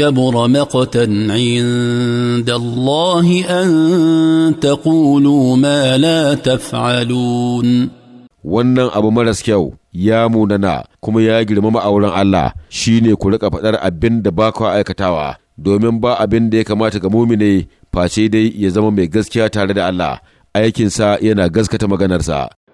كبر مقتا عند الله أن تقولوا ما لا تفعلون wannan abu maras kyau ya munana kuma ya girmama a wurin Allah shine ku rika faɗar abin da ba ku aikatawa domin ba abin da ya kamata ga mumine face dai ya zama mai gaskiya tare da Allah aikinsa yana gaskata maganarsa